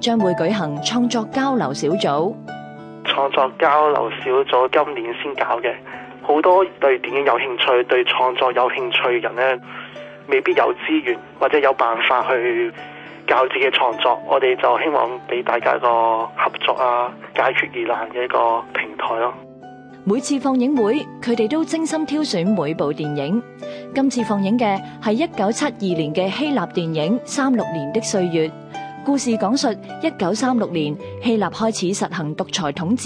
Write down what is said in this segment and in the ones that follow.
將會舉行創作交流小組。創作交流小組今年先搞嘅，好多對電影有興趣、對創作有興趣嘅人呢，未必有資源或者有辦法去教自己創作。我哋就希望俾大家個合作啊，解決疑難嘅一個平台咯。每次放映會，佢哋都精心挑選每部電影。今次放映嘅係一九七二年嘅希臘電影《三六年的歲月》。故事講述一九三六年希臘開始實行獨裁統治，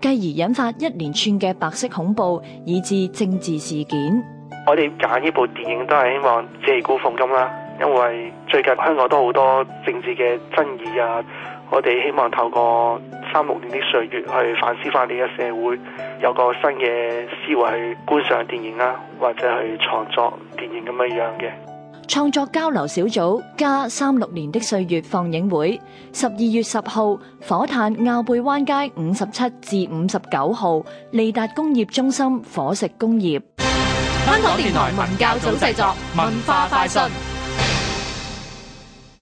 繼而引發一連串嘅白色恐怖，以致政治事件。我哋揀呢部電影都係希望借古諷今啦，因為最近香港都好多政治嘅爭議啊，我哋希望透過三六年的歲月去反思翻你嘅社會，有個新嘅思維去觀賞電影啦，或者去創作電影咁樣一樣嘅。創作交流小組加三六年的歲月放映會，十二月十號，火炭坳背灣街五十七至五十九號利達工業中心伙食工業。香港電台文教組製作文化快訊。